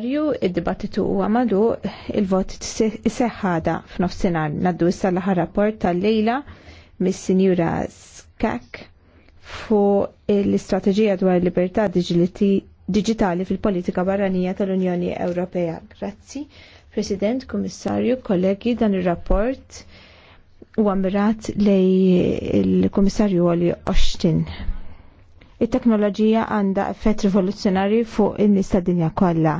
Rju id-dibattitu huwa għamalu il-vot seħħada f'nofsinhar naddu issa l-aħħar rapport tal-lejla mis-Sinjura Skak fuq l-istrateġija dwar il-libertà diġitali fil-politika barranija tal-Unjoni Ewropea. Grazzi, President, Kummissarju, kollegi, dan ir-rapport huwa għamirat lej il-Kummissarju Oli Oxtin it-teknoloġija għandha effett rivoluzzjonari fuq in-nies tad-dinja kollha.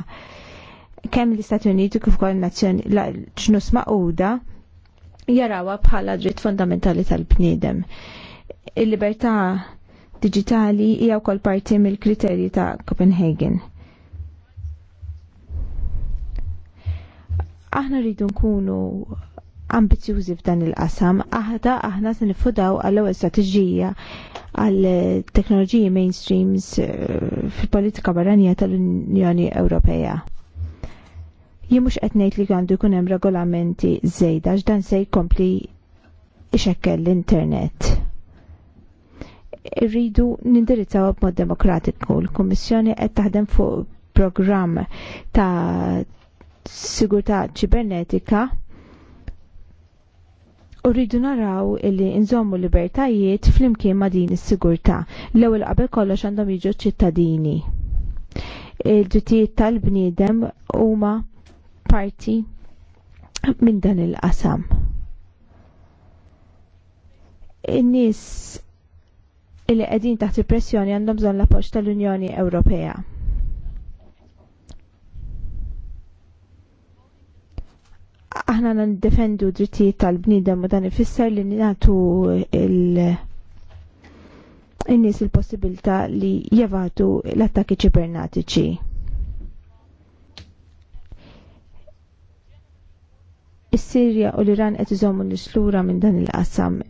Kemm l-Istati Uniti kif ukoll nazzjoni ġnus maquda jarawha bħala dritt fundamentali tal-bniedem. Il-libertà digitali hija wkoll parti mill-kriterji ta' Copenhagen. Aħna rridu nkunu ambizjużi f'dan il-qasam, aħda aħna se nifudaw għall-ewwel strateġija għal teknoloġiji mainstreams eh, fil-politika barranija tal-Unjoni Ewropea. Jien mhux qed ngħid li għandu jkun hemm regolamenti żejda x'dan se jkompli ixekkel l-internet irridu nindirizzaw b'mod demokratiku. L-Kummissjoni qed taħdem fuq programm ta' sigurtà ċibernetika U rridu naraw illi nżommu libertajiet flimkien ma din is-sigurtà. L-ewwel qabel kollox għandhom jiġu ċittadini. Il-ġitijiet tal-bniedem huma parti minn dan il-qasam. In-nies illi qegħdin taħt il-pressjoni għandhom bżonn l-appoġġ tal-Unjoni Ewropea Aħna nandefendu drittijiet tal-bnidem u dan ifisser li nagħtu il- in-nies il-possibilità li jevatu l-attakki ċibernatiċi. Is-Sirja u l-Iran qed iżommu nislura minn dan il-qasam.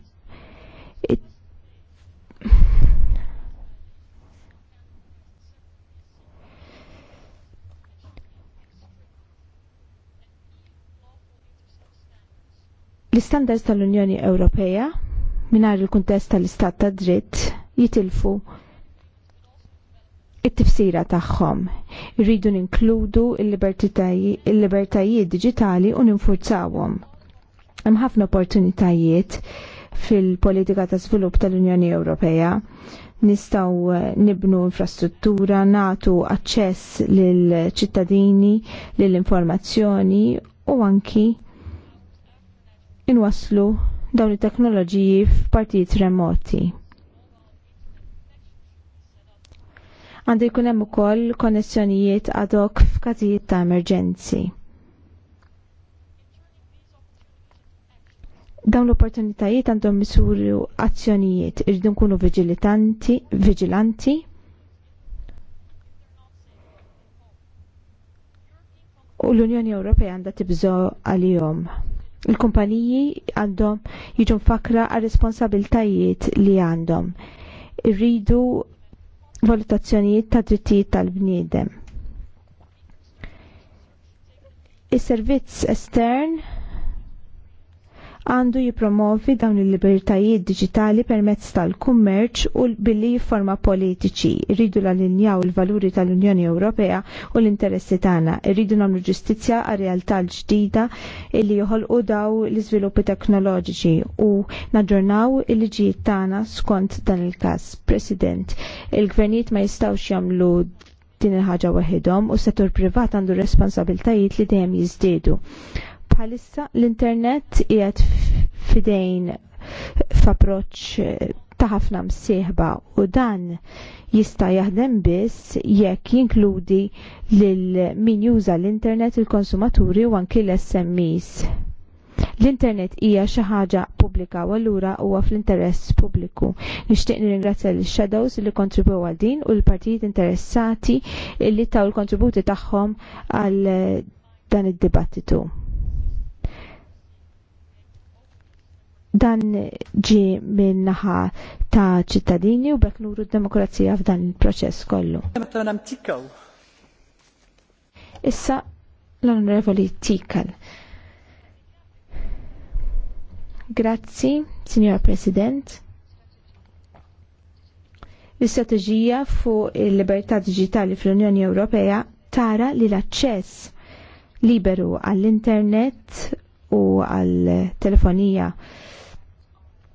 L-istandards tal-Unjoni Ewropea minar il-kuntest tal-istat ta' dritt jitilfu it-tifsira tagħhom. Irridu ninkludu il-libertajiet diġitali u ninfurzawhom. Hemm ħafna opportunitajiet fil-politika ta' svilupp tal-Unjoni Ewropea nistaw eh, nibnu infrastruttura, natu aċċess lil ċittadini, lill informazzjoni u anki inwaslu dawn it-teknoloġiji f'partijiet remoti. Għandu jkun hemm ukoll konnessjonijiet ad hoc f'każijiet ta' emerġenzi. Dawn l-opportunitajiet għandhom misuru azzjonijiet irridu nkunu vigilanti, vigilanti u l-Unjoni Ewropea għandha tibżgħu għalihom il-kumpaniji għandhom jiġu mfakra għal responsabiltajiet li għandhom. Irridu valutazzjonijiet ta' drittijiet tal-bniedem. Is-servizz estern għandu jipromovi dawn il-libertajiet digitali permezz tal-kummerċ u billi jifforma politiċi. Rridu l-allinjaw il-valuri tal-Unjoni Ewropea u l-interessi tagħna. Rridu nagħmlu ġustizzja għar-realtà l-ġdida illi joħolqu daw l-iżviluppi teknoloġiċi u naġġornaw il-liġijiet tagħna skont dan il-każ. President, il-gvernijiet ma jistgħux jagħmlu din il-ħaġa waħedhom u settur privat għandu responsabiltajiet li dejjem jiżdiedu. Bħalissa l-internet qiegħed fidejn f'approċċ ta' ħafna msieħba u dan jista' jaħdem biss jekk jinkludi lil min juża l-internet il-konsumaturi u anki l-SMEs. L-internet hija xi ħaġa pubblika u allura huwa fl-interess pubbliku. Nixtieq nirringrazzja l-Shadows li kontribwew għal din u l-partijiet interessati li taw il-kontributi tagħhom għal dan id-dibattitu. Dan ġi minnaħa ta' ċittadini u bekk nuru d-demokrazija f'dan il-proċess kollu. Issa l-Onorevoli Tikal. Grazzi, Signor President l-istrateġija fuq il-libertà digitali fl-Unjoni Ewropea tara li l-aċċess liberu għall-internet u għall-telefonija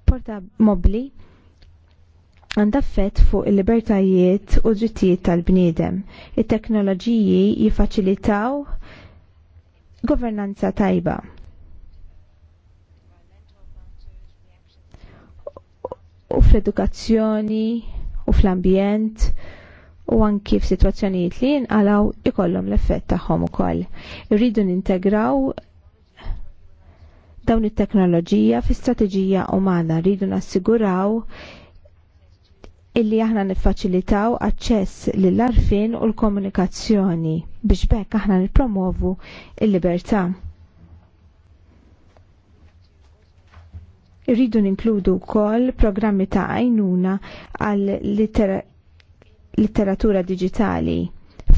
porta mobli għandha fett fuq il-libertajiet u drittijiet tal-bniedem. It-teknoloġiji jifaċilitaw governanza tajba. U fl-edukazzjoni, u fl-ambjent, u anki f'sitwazzjonijiet li jinqalaw ikollhom l-effett tagħhom ukoll. Irridu nintegraw dawn it-teknoloġija fi strateġija umana rridu nassiguraw illi aħna niffaċilitaw aċċess lill-arfin u l-komunikazzjoni biex bekk aħna nippromovu il-libertà. Irridu ninkludu wkoll programmi ta' għajnuna għal litteratura literatura digitali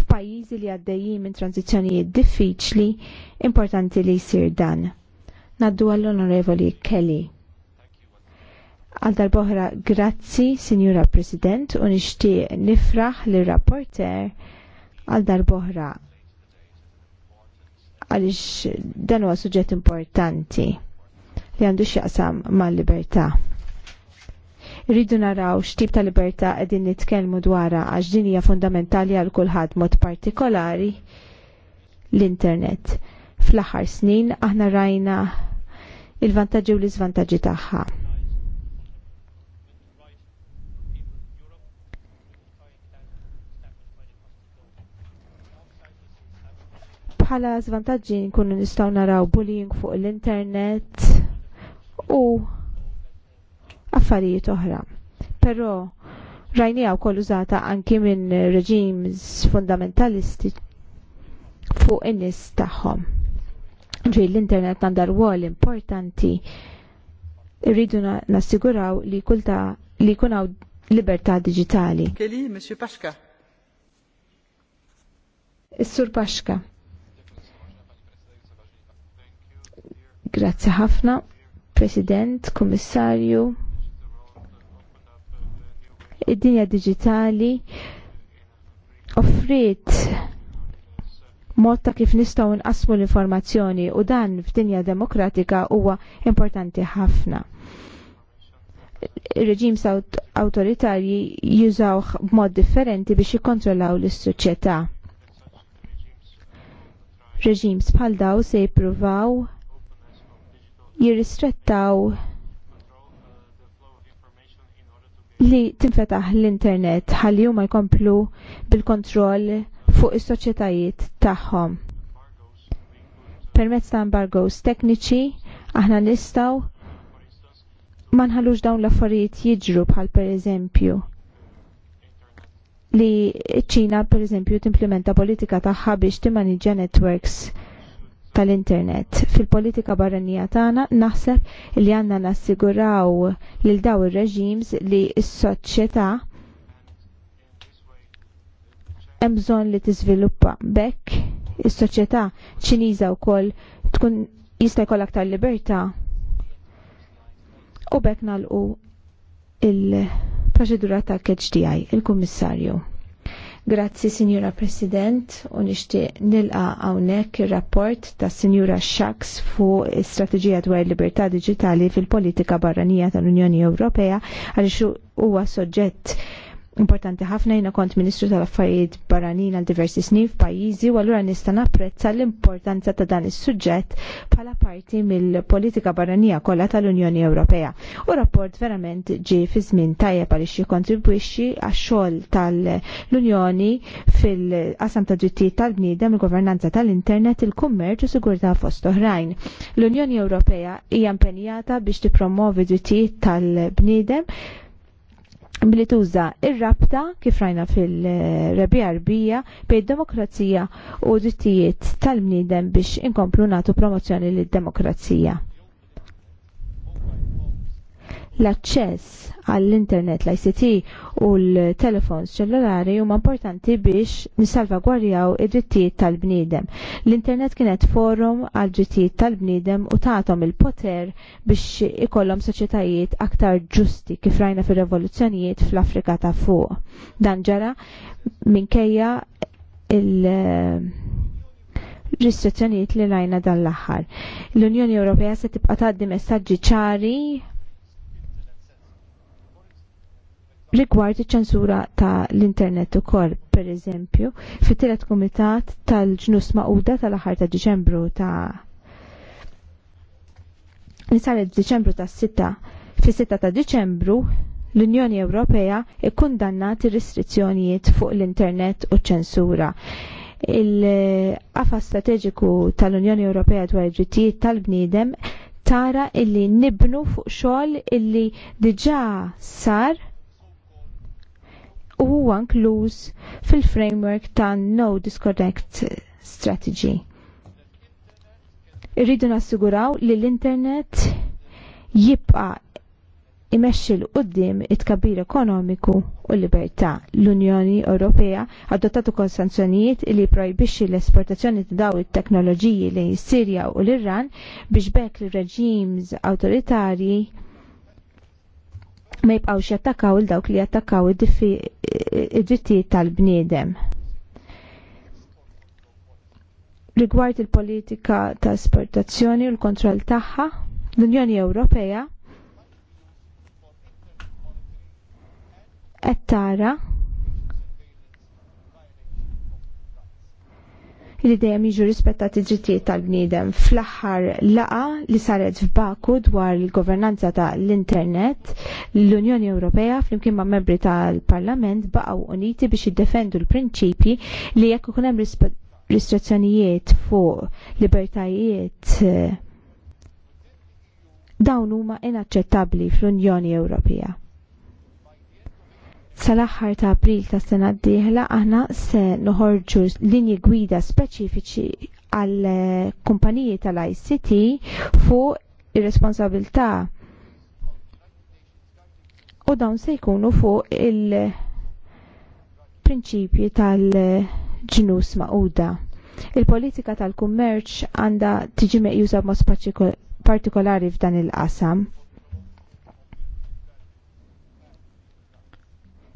f'pajjiżi li għaddejjin minn tranzizzjonijiet diffiċli importanti li jsir dan Naddu għall-Onorevoli Kelly. Għal darboħra grazzi, Sinjura President, u nixtieq nifraħ li rapporter għal darboħra għalix dan huwa suġġett importanti li għandu x'jaqsam mal-libertà. Rridu naraw x'tip ta' libertà qegħdin nitkellmu dwarha għax din hija fundamentali għal kulħadd mod partikolari l-internet fl-aħħar snin aħna rajna il-vantaġġi u l-iżvantaġġi tagħha. Bħala żvantaġġi nkunu nistgħu naraw bullying fuq l-internet u affarijiet oħra. Però rajnija wkoll użata anki minn reġims fundamentalisti fuq in-nies tagħhom. Ġej l-internet għandha rwol importanti rridu nassiguraw li kulta li kunaw libertà digitali. Keli, Monsieur Paxka. Is-Sur Paxka. Grazzi ħafna, President, Kummissarju. Id-dinja digitali offriet mod ta' kif nistgħu nqasmu l-informazzjoni u dan f'dinja demokratika huwa importanti ħafna. Ir-reġim awtoritarji jużawh b'mod differenti biex jikkontrollaw l-soċjetà. Reġims bħal daw se jippruvaw jirristrettaw li tinfetaħ l-internet ħalli huma jkomplu bil-kontroll fuq is-soċjetajiet tagħhom. Permezz ta' embargoes tekniċi aħna nistgħu ma nħallux dawn l-affarijiet jiġru bħal pereżempju li ċ-Ċina pereżempju timplementa politika tagħha biex timmanija networks tal-internet. Fil-politika barranija tagħna naħseb li għandna nassiguraw lil daw ir-reġims li s-soċjetà hemm bżonn li tiżviluppa bekk is-soċjetà Ċiniża wkoll tkun jista' jkoll aktar libertà u bekk nalqu il-proċedura ta' KHDI, il-Kummissarju. Grazzi, Signora President, u nixtieq nilqa hawnhekk ir-rapport ta' Sinjura Shax fu strategija dwar il-Libertà digitali fil-Politika Barranija tal-Unjoni Ewropea għaliex huwa soġġett importanti ħafna jina kont ministru tal-affarijiet barranin għal diversi snin f'pajjiżi u allura nista' napprezza l-importanza ta' dan is-suġġett bħala parti mill-politika barranija kollha tal-Unjoni Ewropea. U rapport verament ġie fi żmien tajjeb għaliex jikkontribwixxi għax-xogħol tal-Unjoni fil-qasam ta' drittijiet tal-bniedem, il-governanza tal-internet, il-kummerċ u sigurtà fost oħrajn. L-Unjoni Ewropea hija impenjata biex tippromovi drittijiet tal-bniedem billi tuża ir-rabta kif rajna fil-rebija arbija bejn demokrazija u drittijiet tal-bniedem biex inkomplu nagħtu promozzjoni lid-demokrazija. L-aċċess għall-internet, l-ICT u l-telefons ċellulari huma importanti biex nissalvagwarjaw id-drittijiet tal-bniedem. L-internet kienet forum għal drittijiet tal-bniedem u tagħtom il-poter biex ikollhom soċjetajiet aktar ġusti kif rajna fir-revoluzzjonijiet fl-Afrika ta' fuq. Dan ġara minkejja il- ristrizzjonijiet li rajna dan l aħħar L-Unjoni Ewropea se tibqa' tgħaddi messaġġi ċari rigward iċ-ċensura ta' l-internet ukoll, pereżempju, fit-tielet kumitat tal-ġnus maquda tal-aħħar ta' Diċembru ta' li saret Diċembru ta' sitta fi sitta ta' Diċembru l-Unjoni Ewropea ikkundannat ir-restrizzjonijiet fuq l-internet u ċensura. Il-qafa strateġiku tal-Unjoni Ewropea dwar id-drittijiet tal-bniedem tara illi nibnu fuq xogħol illi diġà sar u huwa inkluż fil-framework ta' No Disconnect Strategy. Irridu nassiguraw li l-internet jibqa' imexxi l qudiem it-kabir ekonomiku u libertà. L-Unjoni Ewropea adottat ukoll sanzjonijiet li projbixxi l-esportazzjoni ta' daw it-teknoloġiji lejn Sirja u l-Iran biex bekk l reġims awtoritarji ma jibqgħux jattakkaw il dawk li jattakaw id id-drittijiet tal-bniedem. Rigward il-politika ta' esportazzjoni u l-kontroll tagħha, l-Unjoni Ewropea qed tara li dejjem jiġu rispettati drittijiet tal-bniedem. Fl-aħħar laqa li saret f'Baku dwar il-governanza tal-internet, l-Unjoni Ewropea flimkien ma' membri tal-Parlament baqgħu uniti biex jiddefendu l-prinċipji li jekk ikun hemm ristrizzjonijiet fuq libertajiet eh, dawn huma inaċċettabbli fl-Unjoni Ewropea sal-aħħar ta' april ta' sena d-dieħla aħna se noħorġu linji gwida speċifiċi għal eh, kumpaniji tal-ICT fuq ir-responsabilità u dawn se jkunu fuq il-prinċipji tal-ġnus maquda. Il-politika tal-kummerċ għandha tiġi meqjusa b'mod partikolari f'dan il-qasam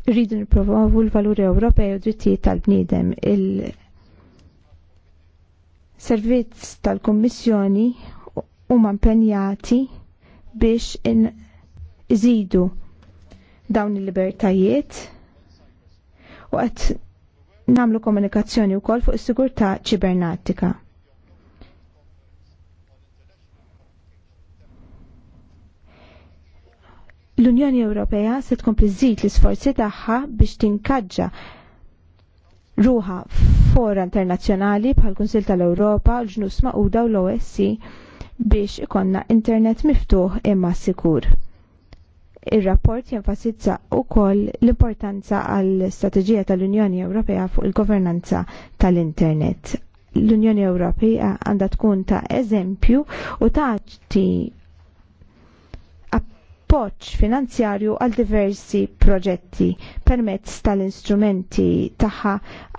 rridu nipprovu l-valuri Ewropej u drittijiet tal-bniedem. Il-servizz tal-Kummissjoni huma impenjati biex iżidu dawn il-libertajiet u qed namlu komunikazzjoni wkoll fuq is-sigurtà ċibernatika. L-Unjoni Ewropea se tkompli żid l-isforzi tagħha biex tinkaġġa ruħa fora internazzjonali bħal Kunsil tal-Ewropa, l-ġnus Maquda u l-OSC biex ikonna internet miftuħ imma sikur. Ir-rapport jenfasizza wkoll l-importanza għall strateġija tal-Unjoni Ewropea fuq il-governanza tal-internet. L-Unjoni Ewropea għandha tkun ta' eżempju u ta' appoġġ finanzjarju għal diversi proġetti permezz tal-instrumenti tagħha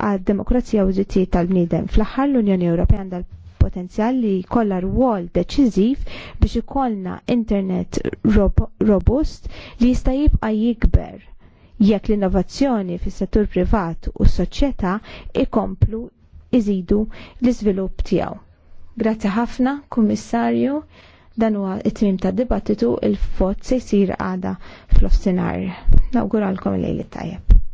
għad demokrazija u drittijiet tal-bniedem. Fl-aħħar l-Unjoni Ewropea għandha potenzjal li jkollha rwol deċiżiv biex ikollna internet robust li jista' jibqa' jikber jekk l-innovazzjoni fis-settur privat u s-soċjetà ikomplu iżidu l-iżvilupp tiegħu. Grazzi ħafna, Kummissarju. Dan huwa it-tmim ta' dibattitu il-fot se jsir għada fl-ofsinar. Nawguralkom lejli tajjeb.